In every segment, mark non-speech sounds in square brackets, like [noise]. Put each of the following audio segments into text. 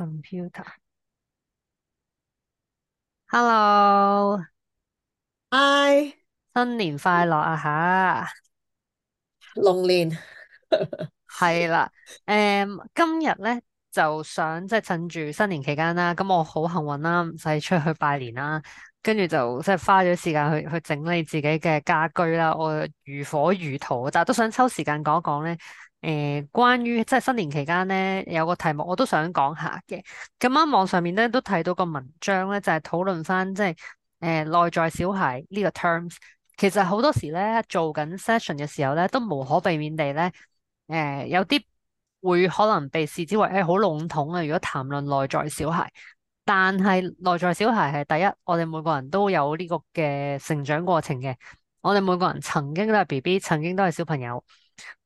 computer，hello，hi，新年快樂啊吓，龍龍年係啦，誒、 [laughs] 嗯，今日咧就想即係趁住新年期間啦，咁我好幸運啦，唔使出去拜年啦，跟住就即係花咗時間去去整理自己嘅家居啦，我如火如荼，但係都想抽時間講一講咧。誒、呃，關於即係新年期間咧，有個題目我都想講下嘅。咁啱網上面咧都睇到個文章咧，就係討論翻即係誒內在小孩呢個 terms。其實好多時咧做緊 session 嘅時候咧，都無可避免地咧，誒、呃、有啲會可能被視之為誒好籠統啊。如果談論內在小孩，但係內在小孩係第一，我哋每個人都有呢個嘅成長過程嘅。我哋每個人曾經都係 BB，曾經都係小朋友。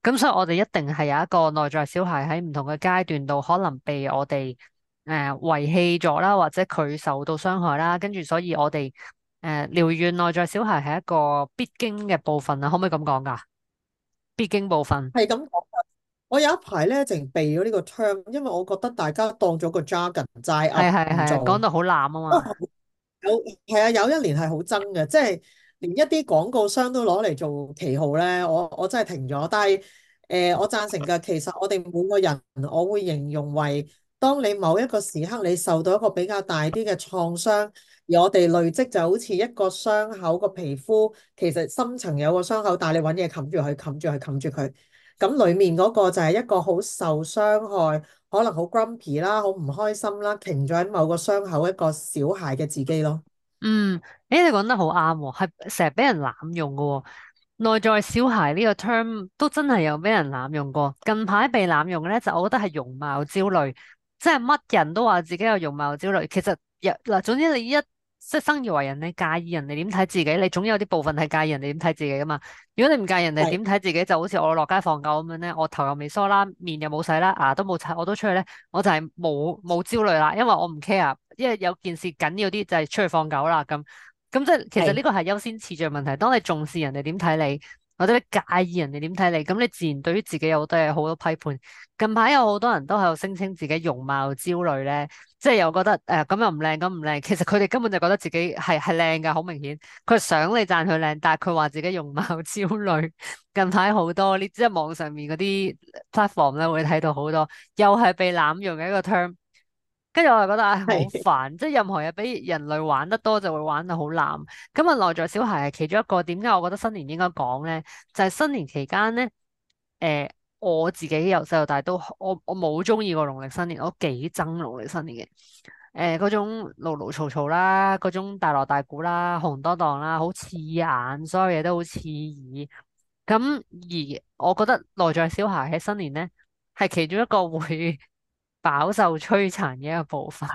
咁、嗯、所以，我哋一定係有一個內在小孩喺唔同嘅階段度，可能被我哋誒遺棄咗啦，或者佢受到傷害啦，跟住所以我哋誒療愈內在小孩係一個必經嘅部分啊，可唔可以咁講噶？必經部分係咁講，我有一排咧，淨係避咗呢個 term，因為我覺得大家當咗個 jargon 齋，係係係，講到好濫啊嘛。有係啊，有一年係好憎嘅，即係。連一啲廣告商都攞嚟做旗號咧，我我真係停咗。但係誒、呃，我贊成㗎。其實我哋每個人，我會形容為，當你某一個時刻你受到一個比較大啲嘅創傷，而我哋累積就好似一個傷口個皮膚，其實深層有個傷口，但你揾嘢冚住佢，冚住佢，冚住佢。咁裡面嗰個就係一個好受傷害，可能好 grumpy 啦，好唔開心啦，停咗喺某個傷口一個小孩嘅自己咯。嗯，哎、哦，你講得好啱喎，係成日俾人濫用噶喎，內在小孩呢個 term 都真係有俾人濫用過。近排被濫用嘅咧，就我覺得係容貌焦慮，即係乜人都話自己有容貌焦慮。其實，若嗱，總之你一即係、就是、生而為人，你介意人哋點睇自己，你總有啲部分係介意人哋點睇自己噶嘛。如果你唔介意人哋點睇自己，的就好似我落街放狗咁樣咧，我頭又未梳啦，面又冇洗啦，牙都冇刷，我都出去咧，我就係冇冇焦慮啦，因為我唔 care。因為有件事緊要啲就係出去放狗啦，咁咁即係其實呢個係優先次序問題。當你重視人哋點睇你，或者你介意人哋點睇你，咁你自然對於自己有好多嘢好多批判。近排有好多人都喺度聲稱自己容貌焦慮咧，即係又覺得誒咁、呃、又唔靚咁唔靚。其實佢哋根本就覺得自己係係靚㗎，好明顯。佢想你讚佢靚，但係佢話自己容貌焦慮。近排好多你即係網上面嗰啲 platform 咧，會睇到好多又係被濫用嘅一個 term。跟住我就覺得好煩，哎、煩 [laughs] 即係任何嘢俾人類玩得多就會玩得好濫。咁啊內在小孩係其中一個，點解我覺得新年應該講咧？就係、是、新年期間咧，誒、呃、我自己由細到大都我我冇中意過農曆新年，我幾憎農曆新年嘅誒嗰種嘮嘮嘈嘈啦，嗰種大鑼大鼓啦、紅噹噹啦，好刺眼，所有嘢都好刺耳。咁而我覺得內在小孩喺新年咧係其中一個會。 [laughs] 飽受摧殘嘅一部分，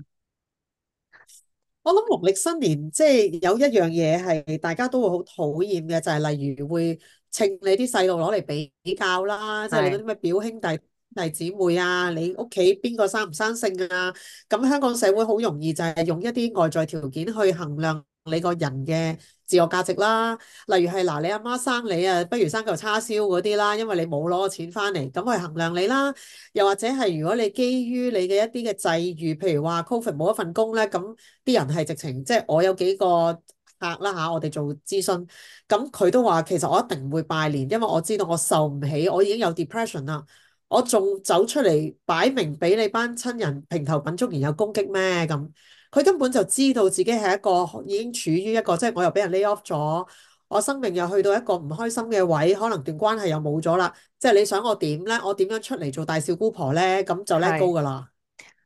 我諗農曆新年即係、就是、有一樣嘢係大家都會好討厭嘅，就係、是、例如會稱你啲細路攞嚟比較啦，即、就、係、是、你啲咩表兄弟、弟姊妹啊，你屋企邊個生唔生性啊？咁香港社會好容易就係用一啲外在條件去衡量你個人嘅。自我價值啦，例如係嗱，你阿媽生你啊，不如生嚿叉燒嗰啲啦，因為你冇攞到錢翻嚟，咁佢衡量你啦。又或者係如果你基於你嘅一啲嘅際遇，譬如話 COVID 冇一份工咧，咁啲人係直情即係我有幾個客啦嚇、啊，我哋做諮詢，咁佢都話其實我一定唔會拜年，因為我知道我受唔起，我已經有 depression 啦，我仲走出嚟擺明俾你班親人平頭品足然有攻擊咩咁？佢根本就知道自己係一個已經處於一個，即係我又俾人 lay off 咗，我生命又去到一個唔開心嘅位，可能段關係又冇咗啦。即係你想我點咧？我點樣出嚟做大少姑婆咧？咁就叻高噶啦。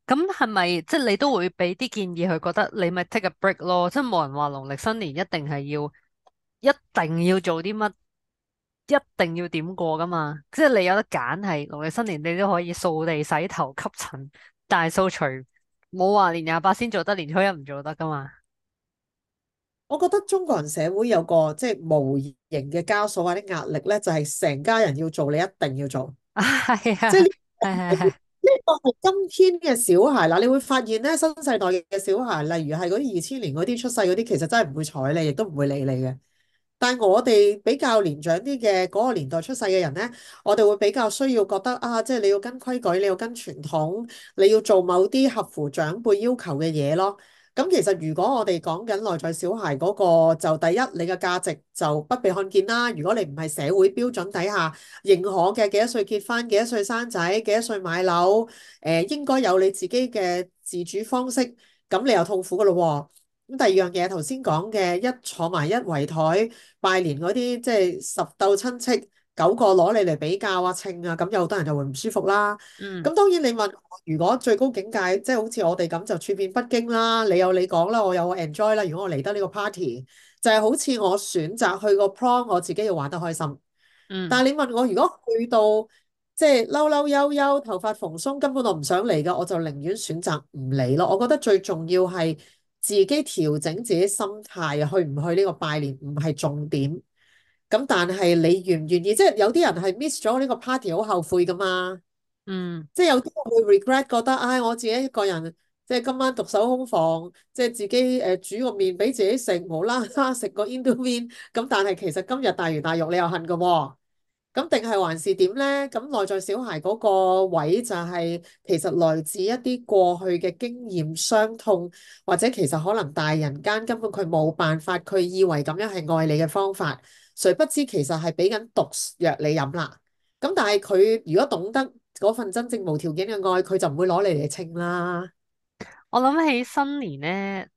咁係咪即係你都會俾啲建議佢？覺得你咪 take a break 咯。即係冇人話農曆新年一定係要一定要做啲乜，一定要點過噶嘛。即係你有得揀，係農曆新年你都可以掃地洗頭吸塵，大掃除。冇話，年廿八先做得，年初一唔做得噶嘛。我覺得中國人社會有個即係、就是、無形嘅枷鎖或者壓力咧，就係、是、成家人要做你，你一定要做。係啊， [laughs] 即係呢個係今天嘅小孩啦。你會發現咧，新世代嘅小孩，例如係嗰啲二千年嗰啲出世嗰啲，其實真係唔會睬你，亦都唔會理你嘅。但係我哋比較年長啲嘅嗰個年代出世嘅人咧，我哋會比較需要覺得啊，即係你要跟規矩，你要跟傳統，你要做某啲合乎長輩要求嘅嘢咯。咁、嗯、其實如果我哋講緊內在小孩嗰、嗰個，就第一你嘅價值就不被看見啦。如果你唔係社會標準底下認可嘅幾多歲結婚、幾多歲生仔、幾多歲買樓，誒、呃、應該有你自己嘅自主方式，咁你又痛苦㗎咯喎。咁第二樣嘢，頭先講嘅一坐埋一圍台拜年嗰啲，即係十竇親戚九個攞你嚟比較啊、稱啊，咁有好多人就會唔舒服啦。咁、嗯、當然你問如果最高境界即係好似我哋咁，就處變北京啦，你有你講啦，我有我 enjoy 啦。如果我嚟得呢個 party，就係、是、好似我選擇去個 prom，我自己要玩得開心。嗯、但係你問我，如果去到即係嬲嬲悠悠、頭髮蓬鬆，根本我唔想嚟嘅，我就寧願選擇唔嚟咯。我覺得最重要係。自己調整自己心態，去唔去呢個拜年唔係重點。咁但係你願唔願意？即係有啲人係 miss 咗呢個 party 好後悔噶嘛。嗯，即係有啲會 regret 覺得，唉，我自己一個人，即係今晚獨守空房，即係自己誒煮個麵俾自己食，無啦啦食個 indo 麵咁但係其實今日大魚大肉，你又恨噶喎。咁定係還是點咧？咁內在小孩嗰個位就係其實來自一啲過去嘅經驗、傷痛，或者其實可能大人間根本佢冇辦法，佢以為咁樣係愛你嘅方法，誰不知其實係俾緊毒藥你飲啦。咁但係佢如果懂得嗰份真正無條件嘅愛，佢就唔會攞你嚟稱啦。我諗起新年咧，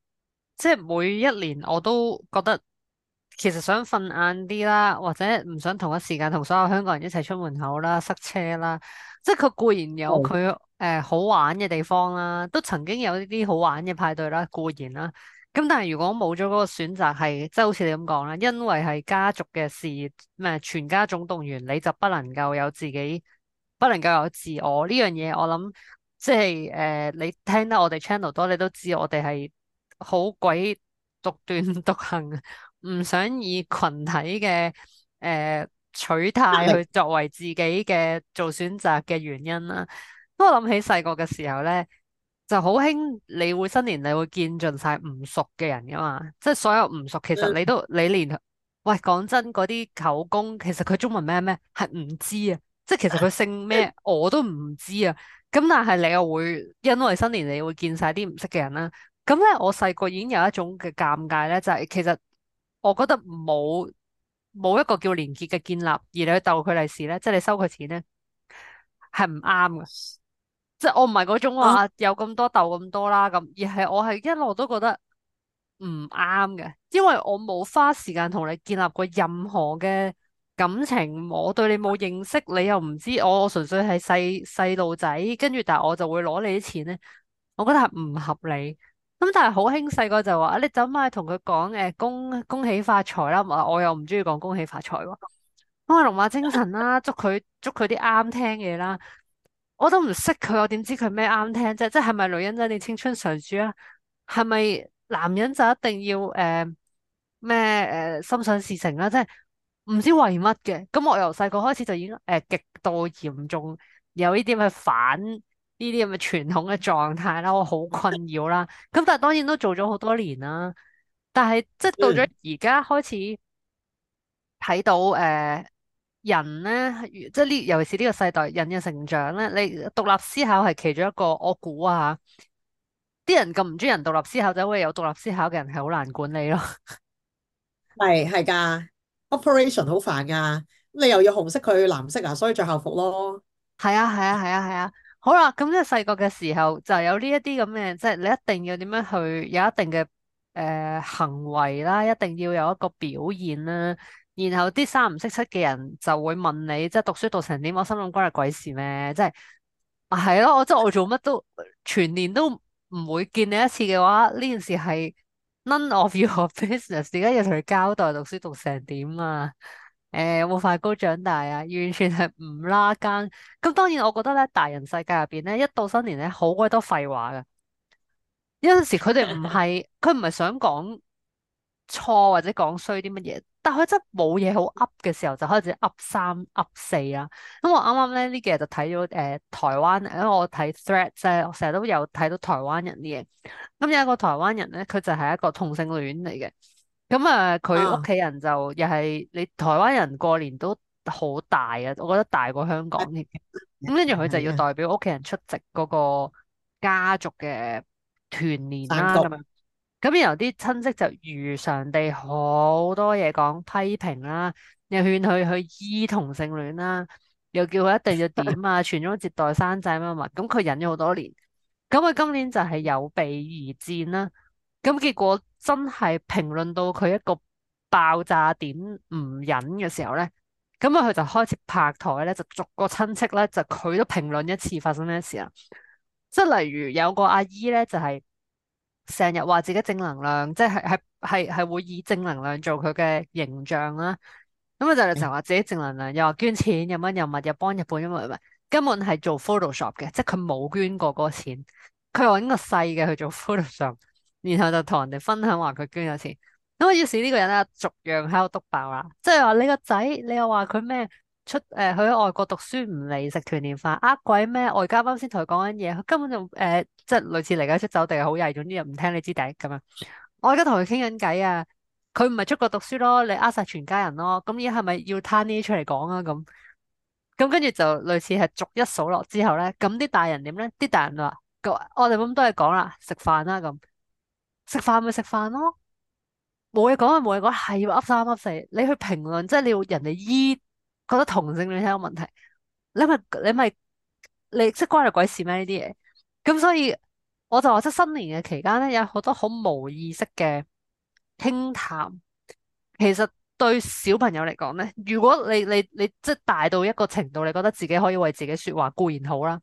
即係每一年我都覺得。其實想瞓晏啲啦，或者唔想同一時間同所有香港人一齊出門口啦，塞車啦，即係佢固然有佢誒、嗯呃、好玩嘅地方啦，都曾經有一啲好玩嘅派對啦，固然啦。咁但係如果冇咗嗰個選擇，係即係好似你咁講啦，因為係家族嘅事，咩全家總動員，你就不能夠有自己，不能夠有自我呢樣嘢。我諗即係誒、呃，你聽得我哋 channel 多，你都知我哋係好鬼獨斷獨行。唔想以群體嘅誒、呃、取態去作為自己嘅做選擇嘅原因啦。不過諗起細個嘅時候咧，就好興你會新年你會見盡晒唔熟嘅人噶嘛，即係所有唔熟，其實你都你連喂，講真嗰啲舅公其實佢中文咩咩係唔知啊，即係其實佢姓咩我都唔知啊。咁但係你又會因為新年你會見晒啲唔識嘅人啦。咁咧我細個已經有一種嘅尷尬咧，就係其實。我覺得冇冇一個叫連結嘅建立，而你去逗佢利是咧，即係你收佢錢咧，係唔啱嘅。即係我唔係嗰種話有咁多逗咁多啦咁，嗯、而係我係一路都覺得唔啱嘅，因為我冇花時間同你建立過任何嘅感情，我對你冇認識，你又唔知我，我純粹係細細路仔，跟住但係我就會攞你啲錢咧，我覺得係唔合理。咁但係好興，細個就話，你走埋同佢講，誒、呃，恭恭喜發財啦。我我又唔中意講恭喜講發財喎，講下龍馬精神啦、啊，祝佢祝佢啲啱聽嘢啦、啊。我都唔識佢，我點知佢咩啱聽啫？即係係咪女人仔，你青春常駐啊？係咪男人就一定要誒咩誒心想事成啦、啊？即係唔知為乜嘅。咁我由細個開始就已經誒極、呃、度嚴重有呢啲去反。呢啲咁嘅傳統嘅狀態啦，我好困擾啦。咁但係當然都做咗好多年啦。但係即係到咗而家開始睇到誒、嗯呃、人咧，即係呢，尤其是呢個世代人嘅成長咧，你獨立思考係其中一個。我估啊，啲人咁唔中意人獨立思考，就係有獨立思考嘅人係好難管理咯。係係㗎，Operation 好煩㗎。咁你又要紅色佢藍色啊，所以着校服咯。係啊係啊係啊係啊！好啦，咁即係細個嘅時候就有呢一啲咁嘅，即係你一定要點樣去，有一定嘅誒、呃、行為啦，一定要有一個表現啦。然後啲三唔識七嘅人就會問你，即係讀書讀成點？我心諗關你鬼事咩？即係係咯，我即係我做乜都全年都唔會見你一次嘅話，呢件事係 none of your business。而家要同佢交代讀書讀成點啊！誒、欸，有冇快高長大啊？完全係唔拉更。咁當然，我覺得咧，大人世界入邊咧，一到新年咧，好鬼多廢話噶。有陣時佢哋唔係，佢唔係想講錯或者講衰啲乜嘢，但佢真係冇嘢好噏嘅時候，就開始噏三噏四啦、啊。咁我啱啱咧呢幾日就睇咗誒，台灣，因為我睇 Threads 啫，我成日都有睇到台灣人啲嘢。咁有一個台灣人咧，佢就係一個同性戀嚟嘅。咁啊，佢屋企人就又係，你台灣人過年都好大啊，我覺得大過香港添。咁跟住佢就要代表屋企人出席嗰個家族嘅團年啦咁樣。咁然後，啲親戚就如常地好多嘢，講批評啦、啊，又勸佢去醫同性戀啦、啊，又叫佢一定要點啊，傳宗接代生仔乜物。咁佢忍咗好多年，咁佢今年就係有備而戰啦、啊。咁結果。真係評論到佢一個爆炸點唔忍嘅時候咧，咁啊佢就開始拍台咧，就逐個親戚咧，就佢都評論一次發生咩事啊！即係例如有個阿姨咧，就係成日話自己正能量，即係係係係會以正能量做佢嘅形象啦。咁啊就成日話自己正能量，又話捐錢，又乜又物，又幫日本，因為唔係根本係做 Photoshop 嘅，即係佢冇捐過嗰個錢，佢話個細嘅去做 Photoshop。然後就同人哋分享話佢捐咗錢，咁於是呢個人咧逐樣喺度篤爆啦，即係話你個仔，你又話佢咩出誒去、呃、外國讀書唔嚟食團年飯，呃鬼咩？我而家啱先同佢講緊嘢，佢根本就誒、呃、即係類似離家出走地，好曳，總之又唔聽你支笛咁啊！我而家同佢傾緊偈啊，佢唔係出國讀書咯，你呃晒全家人咯，咁而家係咪要攤啲出嚟講啊？咁咁跟住就類似係逐一數落之後咧，咁啲大人點咧？啲大人就話我哋咁都係講啦，食飯啦咁。食飯咪食飯咯，冇嘢講咪冇嘢講，係要 up 三 up 四。你去評論，即係你要人哋依覺得同性戀係有問題，你咪你咪你，即係關你鬼事咩呢啲嘢？咁所以我就話，即新年嘅期間咧，有好多好無意識嘅傾談。其實對小朋友嚟講咧，如果你你你即係大到一個程度，你覺得自己可以為自己說話固然好啦，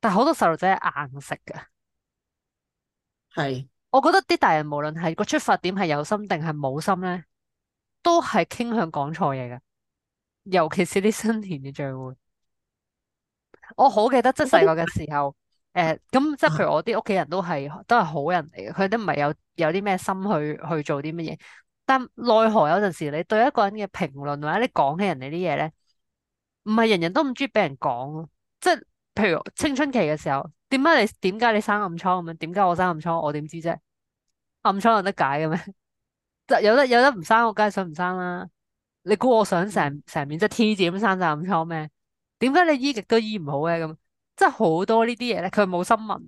但係好多細路仔係硬食㗎，係。我覺得啲大人無論係個出發點係有心定係冇心咧，都係傾向講錯嘢嘅。尤其是啲新年嘅聚會，我好記得，即係細個嘅時候，誒咁、 [laughs] 呃、即係譬如我啲屋企人都係都係好人嚟嘅，佢都唔係有有啲咩心去去做啲乜嘢。但奈何有陣時你對一個人嘅評論或者你講起人哋啲嘢咧，唔係人人都唔中意俾人講咯。即係譬如青春期嘅時候，點解你點解你生暗瘡咁樣？點解我生暗瘡？我點知啫？暗瘡 [laughs] 有得解嘅咩？有得有得唔生，我梗係想唔生啦。你估我想成成面即係 T 字咁生晒暗瘡咩？點解你醫極都醫唔好咧？咁即係好多呢啲嘢咧，佢冇新聞。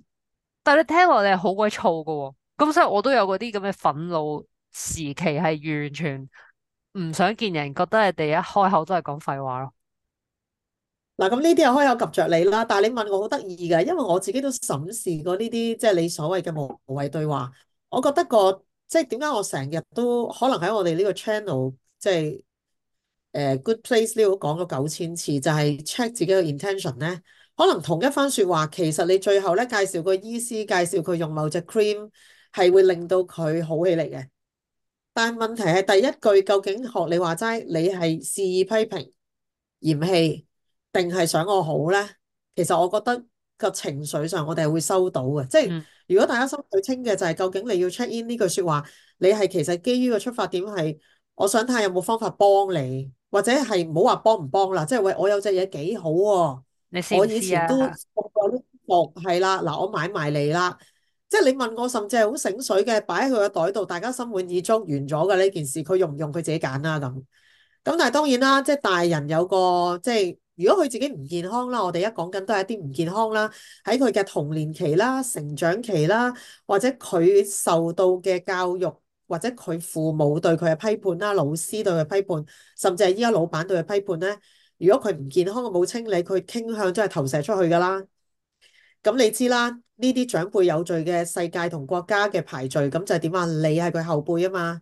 但係你聽落你係好鬼燥㗎喎。咁所以，我都有嗰啲咁嘅憤怒時期，係完全唔想見人，覺得你哋一開口都係講廢話咯。嗱，咁呢啲又開口及着你啦。但係你問我好得意㗎，因為我自己都審視過呢啲，即係你所謂嘅無謂對話。我覺得個即係點解我成日都可能喺我哋呢個 channel 即係誒、uh, Good Place 呢度講咗九千次，就係、是、check 自己個 intention 咧。可能同一番説話，其實你最後咧介紹個醫師，介紹佢用某隻 cream，係會令到佢好起嚟嘅。但係問題係第一句究竟學你話齋，你係肆意批評、嫌棄，定係想我好咧？其實我覺得個情緒上，我哋係會收到嘅，即係。嗯如果大家心水清嘅就係、是、究竟你要 check in 呢句説話，你係其實基於個出發點係，我想睇下有冇方法幫你，或者係唔好話幫唔幫啦，即係喂我有隻嘢幾好喎、啊，你是是我以前都個個都讀係啦，嗱我買埋你啦，即係你問我甚至係好醒水嘅，擺喺佢個袋度，大家心滿意足完咗㗎呢件事，佢用唔用佢自己揀啦咁。咁但係當然啦，即係大人有個即係。如果佢自己唔健康啦，我哋而家講緊都係一啲唔健康啦，喺佢嘅童年期啦、成長期啦，或者佢受到嘅教育，或者佢父母對佢嘅批判啦、老師對佢批判，甚至係依家老闆對佢批判咧。如果佢唔健康，冇清理，佢傾向都係投射出去噶啦。咁你知啦，呢啲長輩有罪嘅世界同國家嘅排序，咁就係點啊？你係佢後輩啊嘛，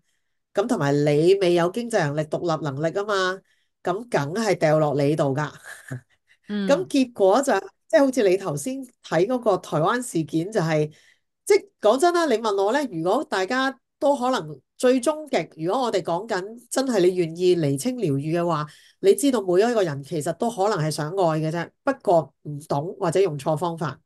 咁同埋你未有經濟能力、獨立能力啊嘛。咁梗係掉落你度噶，咁 [laughs] 結果就即係好似你頭先睇嗰個台灣事件，就是，就係即係講真啦。你問我咧，如果大家都可能最終極，如果我哋講緊真係你願意厘清療愈嘅話，你知道每一個人其實都可能係想愛嘅啫，不過唔懂，或者用錯方法。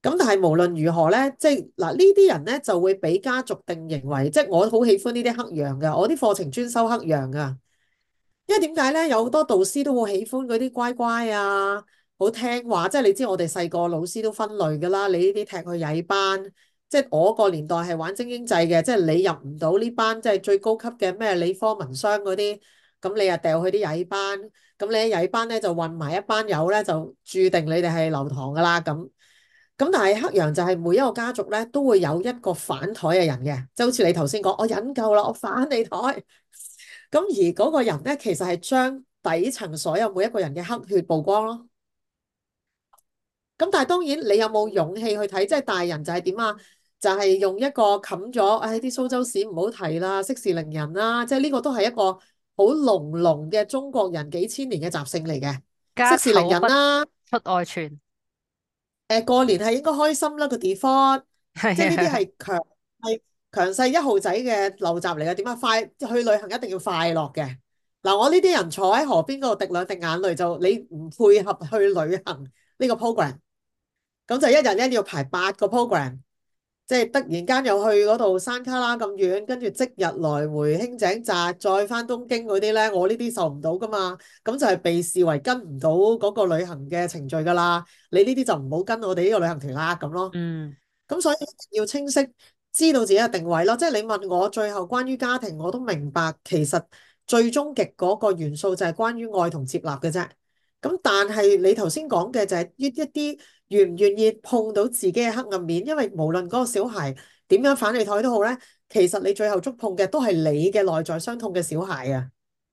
咁但係無論如何咧，即係嗱呢啲人咧就會俾家族定型為，即係我好喜歡呢啲黑羊噶，我啲課程專修黑羊噶。因為點解咧？有好多導師都好喜歡嗰啲乖乖啊，好聽話。即係你知我哋細個老師都分類㗎啦。你呢啲踢去矮班，即係我個年代係玩精英制嘅，即係你入唔到呢班，即係最高級嘅咩理科文商嗰啲，咁你又掉去啲矮班。咁你喺矮班咧就混埋一班友咧，就註定你哋係留堂㗎啦。咁咁但係黑羊就係每一個家族咧都會有一個反台嘅人嘅，即係好似你頭先講，我忍夠啦，我反你台。咁而嗰個人咧，其實係將底層所有每一個人嘅黑血曝光咯。咁但係當然，你有冇勇氣去睇？即係大人就係點啊？就係、是、用一個冚咗，唉、哎！啲蘇州屎唔好睇啦，息事寧人啦、啊。即係呢個都係一個好濃濃嘅中國人幾千年嘅習性嚟嘅。息事寧人啦、啊，家醜不出外傳。誒、呃，過年係應該開心啦，個地方。 [laughs] 即係呢啲係強係。強勢一號仔嘅陋習嚟嘅，點啊快去旅行一定要快樂嘅。嗱，我呢啲人坐喺河邊嗰度滴兩滴眼淚就，你唔配合去旅行呢個 program，咁就一日咧要排八個 program，即係突然間又去嗰度山卡拉咁遠，跟住即日來回輕井澤再翻東京嗰啲咧，我呢啲受唔到噶嘛，咁就係被視為跟唔到嗰個旅行嘅程序噶啦。你呢啲就唔好跟我哋呢個旅行團啦，咁咯。嗯。咁所以要清晰。知道自己嘅定位咯，即係你問我最後關於家庭，我都明白其實最終極嗰個元素就係關於愛同接納嘅啫。咁但係你頭先講嘅就係一一啲願唔願意碰到自己嘅黑暗面，因為無論嗰個小孩點樣反你台都好咧，其實你最後觸碰嘅都係你嘅內在傷痛嘅小孩啊。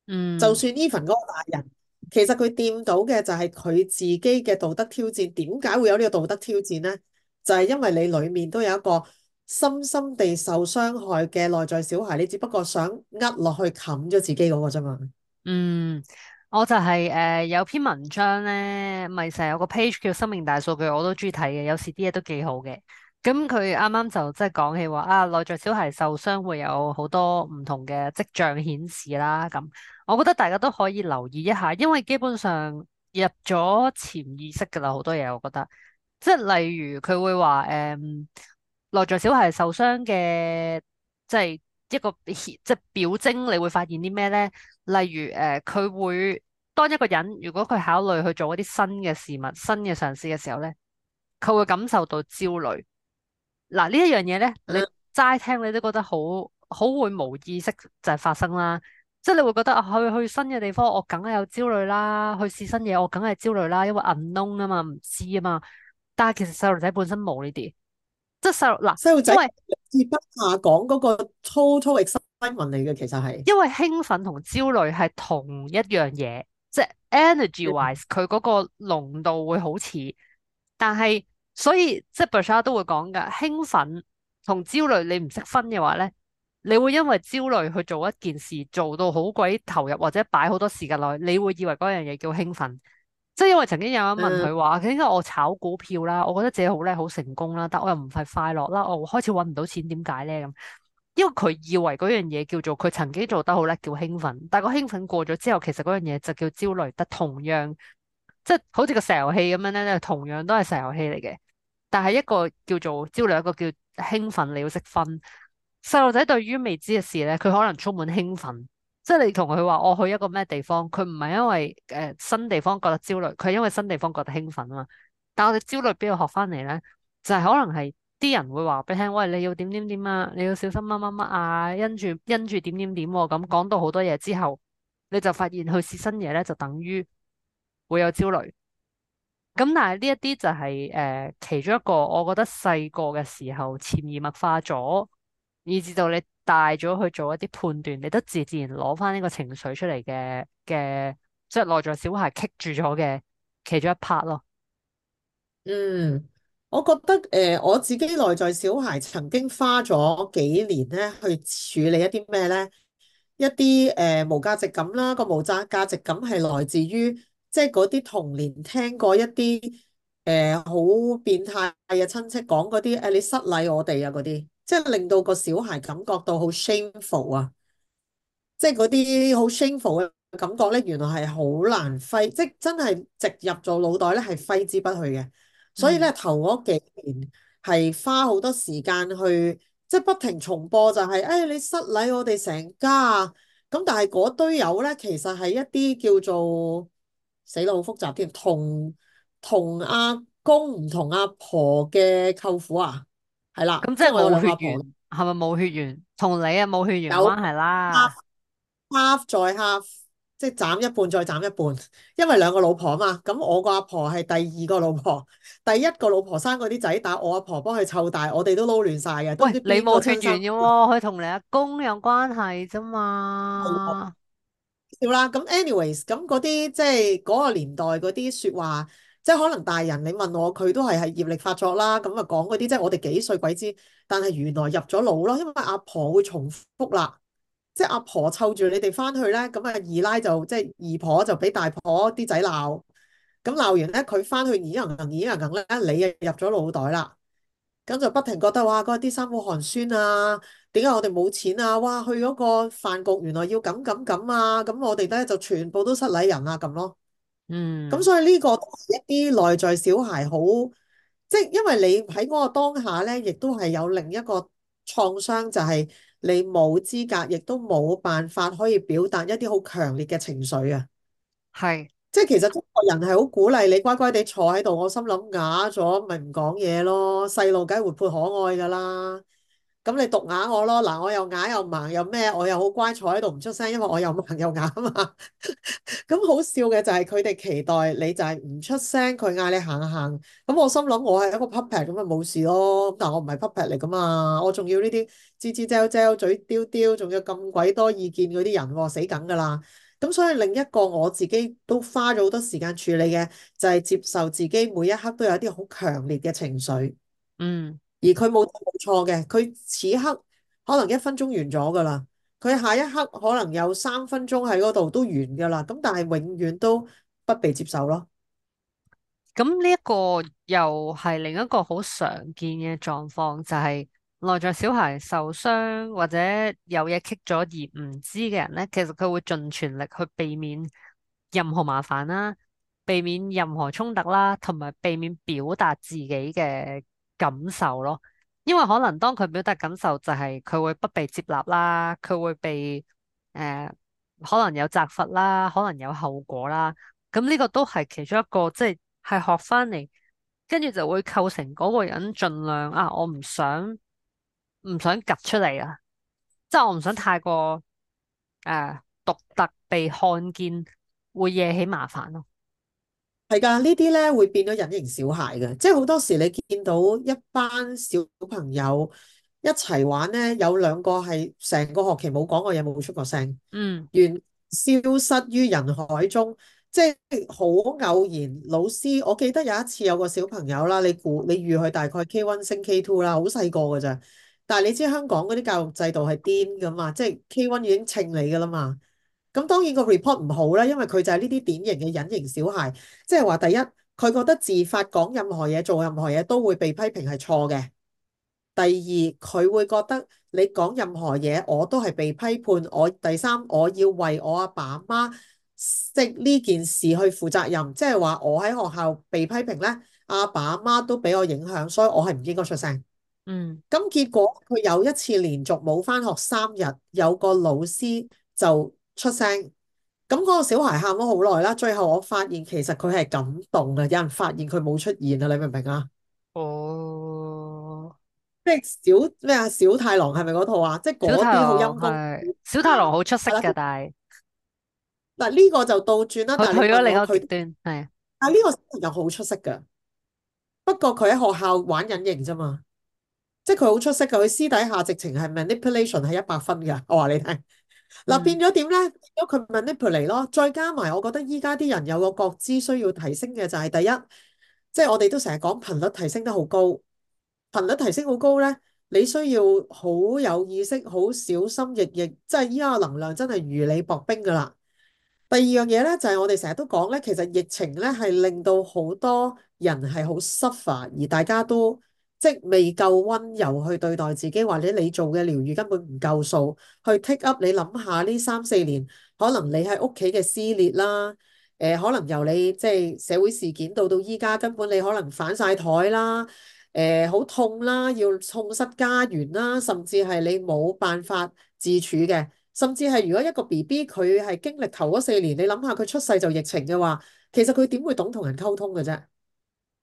嗯，就算 Even 嗰個大人，其實佢掂到嘅就係佢自己嘅道德挑戰，點解會有呢個道德挑戰咧？就係因為你裡面都有一個。深深地受傷害嘅內在小孩，你只不過想壓落去冚咗自己嗰個啫嘛。嗯，我就係、是、誒、呃、有篇文章咧，咪成日有個 page 叫《生命大數據》，我都中意睇嘅。有時啲嘢都幾好嘅。咁佢啱啱就即係講起話啊，內在小孩受傷會有好多唔同嘅跡象顯示啦。咁，我覺得大家都可以留意一下，因為基本上入咗潛意識噶啦，好多嘢。我覺得即係例如佢會話誒。嗯內在小孩受傷嘅，即係一個即係表徵，你會發現啲咩咧？例如誒，佢會當一個人，如果佢考慮去做一啲新嘅事物、新嘅嘗試嘅時候咧，佢會感受到焦慮。嗱，呢一樣嘢咧，你齋聽你都覺得好好會冇意識就係發生啦。即係你會覺得啊，去去新嘅地方，我梗係有焦慮啦；去試新嘢，我梗係焦慮啦，因為 unknown 啊嘛，唔知啊嘛。但係其實細路仔本身冇呢啲。即係細路嗱，細路仔，葉筆下講嗰個 too too excitement 嚟嘅，其實係因為興奮同焦慮係同一樣嘢，即係 energy wise，佢嗰個濃度會好似，但係所以即係 Bashar 都會講㗎，興奮同焦慮你唔識分嘅話咧，你會因為焦慮去做一件事，做到好鬼投入或者擺好多時間落去，你會以為嗰樣嘢叫興奮。即係因為曾經有人問佢話，點解、嗯、我炒股票啦？我覺得自己好叻，好成功啦，但我又唔係快樂啦。我開始搵唔到錢，點解咧咁？因為佢以為嗰樣嘢叫做佢曾經做得好叻叫興奮，但係個興奮過咗之後，其實嗰樣嘢就叫焦慮。得同樣即係好似個石油氣咁樣咧，同樣都係石油氣嚟嘅。但係一個叫做焦慮，一個叫興奮，你要識分。細路仔對於未知嘅事咧，佢可能充滿興奮。即係你同佢話我去一個咩地方，佢唔係因為誒、呃、新地方覺得焦慮，佢係因為新地方覺得興奮啊嘛。但係我哋焦慮俾佢學翻嚟咧？就係、是、可能係啲人會話俾聽，喂，你要點點點啊，你要小心乜乜乜啊，因住因住點點點咁，講到好多嘢之後，你就發現去試新嘢咧就等於會有焦慮。咁但係呢一啲就係、是、誒、呃、其中一個，我覺得細個嘅時候潛移默化咗。以至到你大咗去做一啲判斷，你都自自然攞翻呢個情緒出嚟嘅嘅，即係內在小孩棘住咗嘅其中一 part 咯。嗯，我覺得誒、呃，我自己內在小孩曾經花咗幾年咧去處理一啲咩咧，一啲誒、呃、無價值感啦，個無價價值感係來自於即係嗰啲童年聽過一啲誒好變態嘅親戚講嗰啲誒你失禮我哋啊嗰啲。即係令到個小孩感覺到好 shameful 啊！即係嗰啲好 shameful 嘅感覺咧，原來係好難揮，即真係植入咗腦袋咧，係揮之不去嘅。所以咧頭嗰幾年係花好多時間去，即係不停重播，就是，就係誒你失禮，我哋成家咁。但係嗰堆友咧，其實係一啲叫做死得好複雜添。同同阿公唔同阿婆嘅舅父啊。係啦，咁即係我有血緣，係咪冇血緣？同你啊冇血緣關係啦。Half 再 half，即係斬一半再斬一半，因為兩個老婆啊嘛。咁我個阿婆係第二個老婆，第一個老婆生嗰啲仔，但我阿婆幫佢湊大，我哋都撈亂晒嘅。喂，你冇血緣嘅喎，佢同你阿公有關係啫嘛？好笑啦，咁 anyways，咁嗰啲即係嗰個年代嗰啲說話。即係可能大人，你問我佢都係係業力發作啦，咁啊講嗰啲即係我哋幾歲鬼知？但係原來入咗腦啦，因為阿婆會重複啦，即係阿婆湊住你哋翻去咧，咁啊二奶就即係二婆就俾大婆啲仔鬧，咁鬧完咧佢翻去，梗係梗梗梗梗咧，你又入咗腦袋啦，咁就不停覺得哇，嗰啲三姑寒酸啊，點解我哋冇錢啊？哇，去嗰個飯局原來要咁咁咁啊，咁我哋咧就全部都失禮人啊咁咯。嗯，咁所以呢個都係一啲內在小孩好，即係因為你喺嗰個當下咧，亦都係有另一個創傷，就係你冇資格，亦都冇辦法可以表達一啲好強烈嘅情緒啊。係，即係其實中國人係好鼓勵你乖乖地坐喺度，我心諗啞咗咪唔講嘢咯，細路梗係活潑可愛噶啦。咁你毒啞我咯，嗱我又啞又盲又咩，我又好乖坐喺度唔出聲，因為我又盲又啞啊嘛。咁、 [laughs] 嗯、好笑嘅就係佢哋期待你就係唔出聲，佢嗌你行行。咁、嗯、我心諗我係一個 puppet 咁咪冇事咯。咁但我唔係 puppet 嚟噶嘛，我仲要呢啲尖尖嘴嘴嘴，嘴刁刁，仲要咁鬼多意見嗰啲人，死梗噶啦。咁所以另一個我自己都花咗好多時間處理嘅，就係、是、接受自己每一刻都有一啲好強烈嘅情緒。嗯。而佢冇冇錯嘅，佢此刻可能一分鐘完咗㗎喇，佢下一刻可能有三分鐘喺嗰度都完㗎喇，咁但係永遠都不被接受咯。咁呢一個又係另一個好常見嘅狀況，就係、是、內在小孩受傷或者有嘢棘咗而唔知嘅人咧，其實佢會盡全力去避免任何麻煩啦，避免任何衝突啦，同埋避免表達自己嘅。感受咯，因為可能當佢表達感受，就係佢會不被接納啦，佢會被誒、呃、可能有責罰啦，可能有後果啦。咁、嗯、呢、這個都係其中一個，即係係學翻嚟，跟住就會構成嗰個人盡量啊，我唔想唔想夾出嚟啊，即、就、係、是、我唔想太過誒獨、呃、特被看見，會惹起麻煩咯。係㗎，呢啲咧會變咗隱形小孩嘅。即係好多時你見到一班小朋友一齊玩咧，有兩個係成個學期冇講過嘢，冇出過聲，嗯，完消失於人海中，即係好偶然。老師，我記得有一次有個小朋友啦，你估你預佢大概 K one 升 K two 啦，好細個㗎咋。但係你知香港嗰啲教育制度係癲㗎嘛，即係 K one 已經稱你㗎啦嘛。咁當然個 report 唔好啦，因為佢就係呢啲典型嘅隱形小孩，即係話第一佢覺得自發講任何嘢做任何嘢都會被批評係錯嘅。第二佢會覺得你講任何嘢我都係被批判。我第三我要為我阿爸阿媽識呢件事去負責任，即係話我喺學校被批評呢，阿爸阿媽都俾我影響，所以我係唔應該出聲。嗯。咁結果佢有一次連續冇翻學三日，有個老師就出聲，咁、那、嗰個小孩喊咗好耐啦。最後我發現其實佢係感動嘅。有人發現佢冇出現啊，你明唔明啊？哦，即係小咩啊？小太郎係咪嗰套啊？即係嗰啲好陰功。小太郎好出色噶，的但係嗱呢個就倒轉啦。佢去咗另一個段係啊。但係呢個小朋友好出色噶，的不過佢喺學校玩隱形啫嘛，即係佢好出色噶。佢私底下直情係 manipulation 係一百分噶。我話你聽。嗱、嗯、變咗點咧？變咗佢 manipulate 咯，再加埋，我覺得依家啲人有個覺知需要提升嘅就係第一，即係我哋都成日講頻率提升得好高，頻率提升好高咧，你需要好有意識、好小心翼翼，即係依家嘅能量真係如履薄冰噶啦。第二樣嘢咧就係我哋成日都講咧，其實疫情咧係令到好多人係好 suffer, 而大家都。即未夠溫柔去對待自己，或者你做嘅療癒根本唔夠數，去 take up 你想想。你諗下呢三四年，可能你喺屋企嘅撕裂啦，誒、呃，可能由你即係社會事件到到依家，根本你可能反晒枱啦，誒、呃，好痛啦，要痛失家園啦，甚至係你冇辦法自處嘅，甚至係如果一個 B B 佢係經歷頭嗰四年，你諗下佢出世就疫情嘅話，其實佢點會懂同人溝通嘅啫？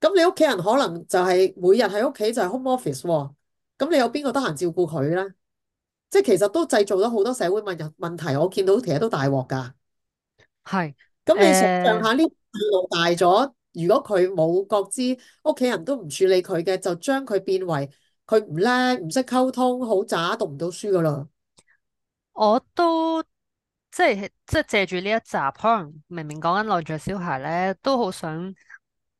咁你屋企人可能就係每日喺屋企就係 home office 喎、哦，咁你有邊個得閒照顧佢咧？即係其實都製造咗好多社會問人問題，我見到其實都大鑊噶。係是，咁你想象下呢個細路大咗，呃、如果佢冇覺知，屋企人都唔處理佢嘅，就將佢變為佢唔叻、唔識溝通、好渣、讀唔到書噶啦。我都即係即係借住呢一集，可能明明講緊內在小孩咧，都好想。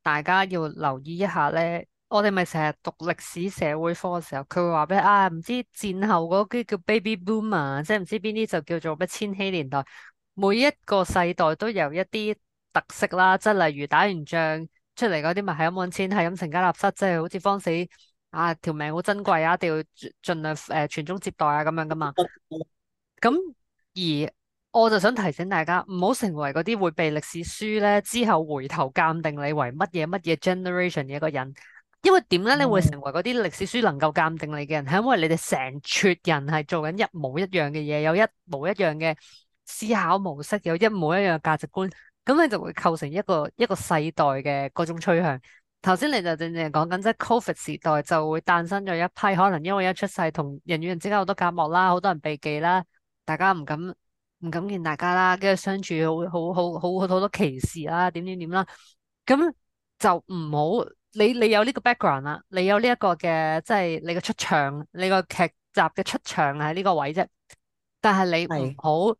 大家要留意一下咧，我哋咪成日讀歷史社會科嘅時候，佢會話俾你啊，唔知戰後嗰啲叫 Baby Boomer 啊，即係唔知邊啲就叫做咩千禧年代，每一個世代都有一啲特色啦，即係例如打完仗出嚟嗰啲咪係咁揾錢，係咁成家立室，即係好似方死啊條命好珍貴啊，一定要盡量誒、呃、傳宗接代啊咁樣噶嘛。咁而我就想提醒大家，唔好成為嗰啲會被歷史書咧之後回頭鑒定你為乜嘢乜嘢 generation 嘅一個人，因為點咧？你會成為嗰啲歷史書能夠鑒定你嘅人，係、嗯、因為你哋成撮人係做緊一模一樣嘅嘢，有一模一樣嘅思考模式，有一模一樣嘅價值觀，咁你就會構成一個一個世代嘅嗰種趨向。頭先你就正正講緊即 COVID 時代就會誕生咗一批，可能因為一出世同人與人之間好多隔膜啦，好多人避忌啦，大家唔敢。唔敢見大家啦，跟住相處好好好好好多歧視啦，點點點啦，咁就唔好你你有呢個 background 啦，你有呢一個嘅即係你嘅出場，你個劇集嘅出場喺呢個位啫。但係你唔好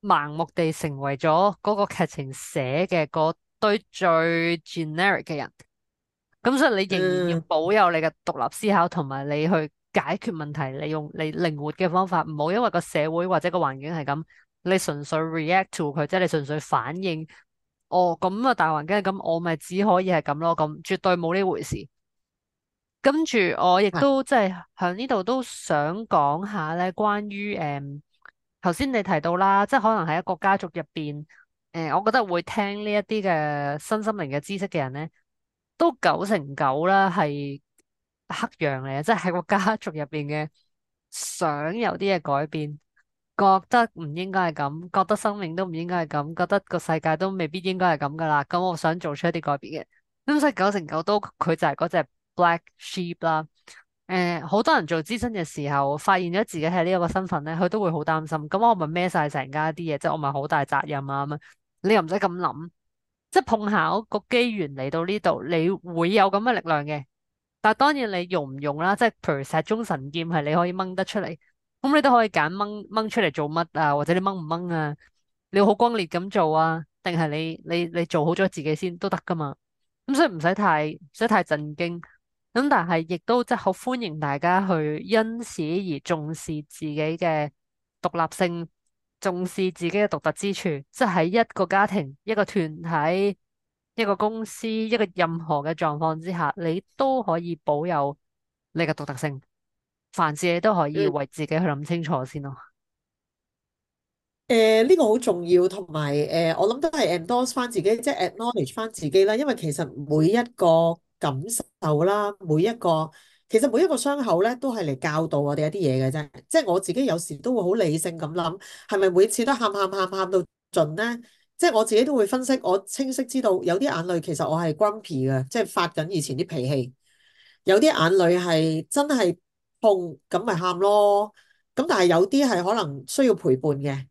盲目地成為咗嗰個劇情寫嘅嗰堆最 generic 嘅人。咁所以你仍然要保有你嘅獨立思考，同埋你去解決問題，你用你靈活嘅方法，唔好因為個社會或者個環境係咁。你純粹 react to 佢，即係你純粹反應。哦，咁啊，大環境係咁，我咪只可以係咁咯。咁絕對冇呢回事。跟住我亦都即係喺呢度都想講下咧，關於誒頭先你提到啦，即係可能喺一個家族入邊，誒、嗯，我覺得會聽呢一啲嘅身心靈嘅知識嘅人咧，都九成九啦，係黑羊嚟，即係喺個家族入邊嘅想有啲嘅改變。覺得唔應該係咁，覺得生命都唔應該係咁，覺得個世界都未必應該係咁噶啦。咁我想做出一啲改變嘅。咁、嗯、所以九成九都佢就係嗰隻 black sheep 啦。誒、呃，好多人做諮詢嘅時候，發現咗自己係呢一個身份咧，佢都會好擔心。咁、嗯、我咪孭晒成家啲嘢，即係我咪好大責任啊咁啊。你又唔使咁諗，即係碰巧、個機緣嚟到呢度，你會有咁嘅力量嘅。但係當然你用唔用啦，即係譬如石中神劍係你可以掹得出嚟。咁你都可以揀掹掹出嚟做乜啊？或者你掹唔掹啊？你好光烈咁做啊？定係你你你做好咗自己先都得㗎嘛？咁所以唔使太，唔使太震驚。咁但係亦都即係好歡迎大家去因此而重視自己嘅獨立性，重視自己嘅獨特之處。即係喺一個家庭、一個團體、一個公司、一個任何嘅狀況之下，你都可以保有你嘅獨特性。凡事你都可以為自己去諗清楚先咯，嗯。誒、呃，呢、呢個好重要，同埋誒，我諗都係 endorse 翻自己，即係 acknowledge 翻自己啦。因為其實每一個感受啦，每一個其實每一個傷口咧，都係嚟教導我哋一啲嘢嘅啫。即係我自己有時都會好理性咁諗，係咪每次都喊喊喊喊到盡咧？即係我自己都會分析，我清晰知道有啲眼淚其實我係 grumpy 嘅，即係發緊以前啲脾氣；有啲眼淚係真係。痛咁咪喊咯，咁但係有啲係可能需要陪伴嘅，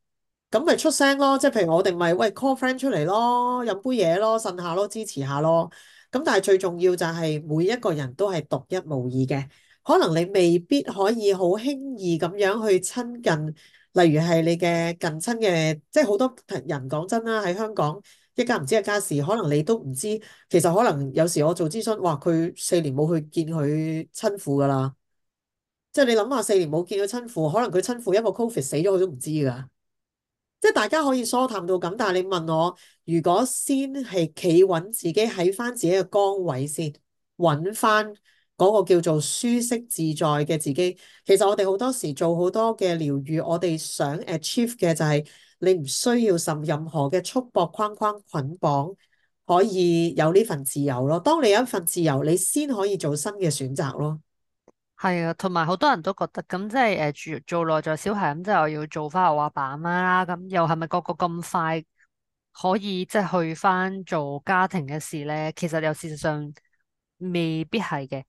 咁咪出聲咯。即係譬如我哋咪喂 call friend 出嚟咯，飲杯嘢咯，呻下咯，支持下咯。咁但係最重要就係每一個人都係獨一無二嘅，可能你未必可以好輕易咁樣去親近。例如係你嘅近親嘅，即係好多人講真啦，喺香港一家唔知一家事，可能你都唔知。其實可能有時我做諮詢，哇！佢四年冇去見佢親父㗎啦。即係你諗下，四年冇見到親父，可能佢親父一個 Covid 死咗，佢都唔知噶。即係大家可以疏淡到咁，但係你問我，如果先係企穩自己喺翻自己嘅崗位先，揾翻嗰個叫做舒適自在嘅自己。其實我哋好多時做好多嘅療愈，我哋想 achieve 嘅就係你唔需要受任何嘅束縛框框捆綁，可以有呢份自由咯。當你有一份自由，你先可以做新嘅選擇咯。係啊，同埋好多人都覺得咁即係誒，做做內在小孩咁，即係又要做返我阿爸阿媽啦。咁又係咪個個咁快可以即係、就是、去返做家庭嘅事咧？其實又事實上未必係嘅。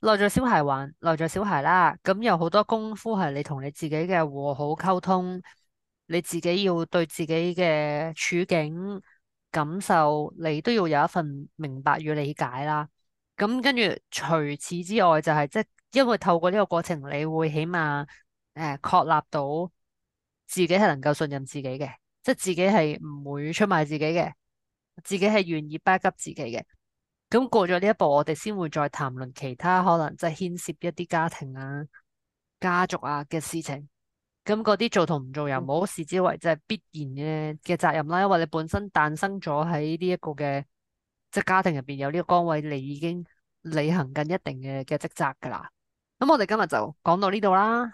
內在小孩玩內在小孩啦，咁有好多功夫係你同你自己嘅和好溝通，你自己要對自己嘅處境感受，你都要有一份明白與理解啦。咁跟住除此之外、就是，就係即因為透過呢個過程，你會起碼誒、呃、確立到自己係能夠信任自己嘅，即係自己係唔會出賣自己嘅，自己係願意 back up 自己嘅。咁過咗呢一步，我哋先會再談論其他可能即係牽涉一啲家庭啊、家族啊嘅事情。咁嗰啲做同唔做又唔好視之為即係、就是、必然嘅嘅責任啦，因為你本身誕生咗喺呢一個嘅即係家庭入邊有呢個崗位，你已經履行緊一定嘅嘅職責噶啦。咁我哋今日就講到呢度啦。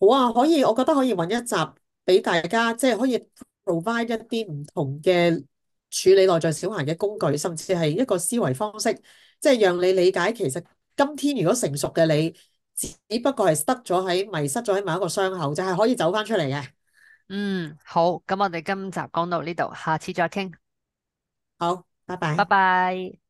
好啊，可以，我覺得可以揾一集俾大家，即係可以 provide 一啲唔同嘅處理內在小孩嘅工具，甚至係一個思維方式，即係讓你理解其實今天如果成熟嘅你，只不過係得咗喺迷失咗喺某一個傷口，就係可以走翻出嚟嘅。嗯，好，咁我哋今集講到呢度，下次再傾。好，拜拜。拜拜。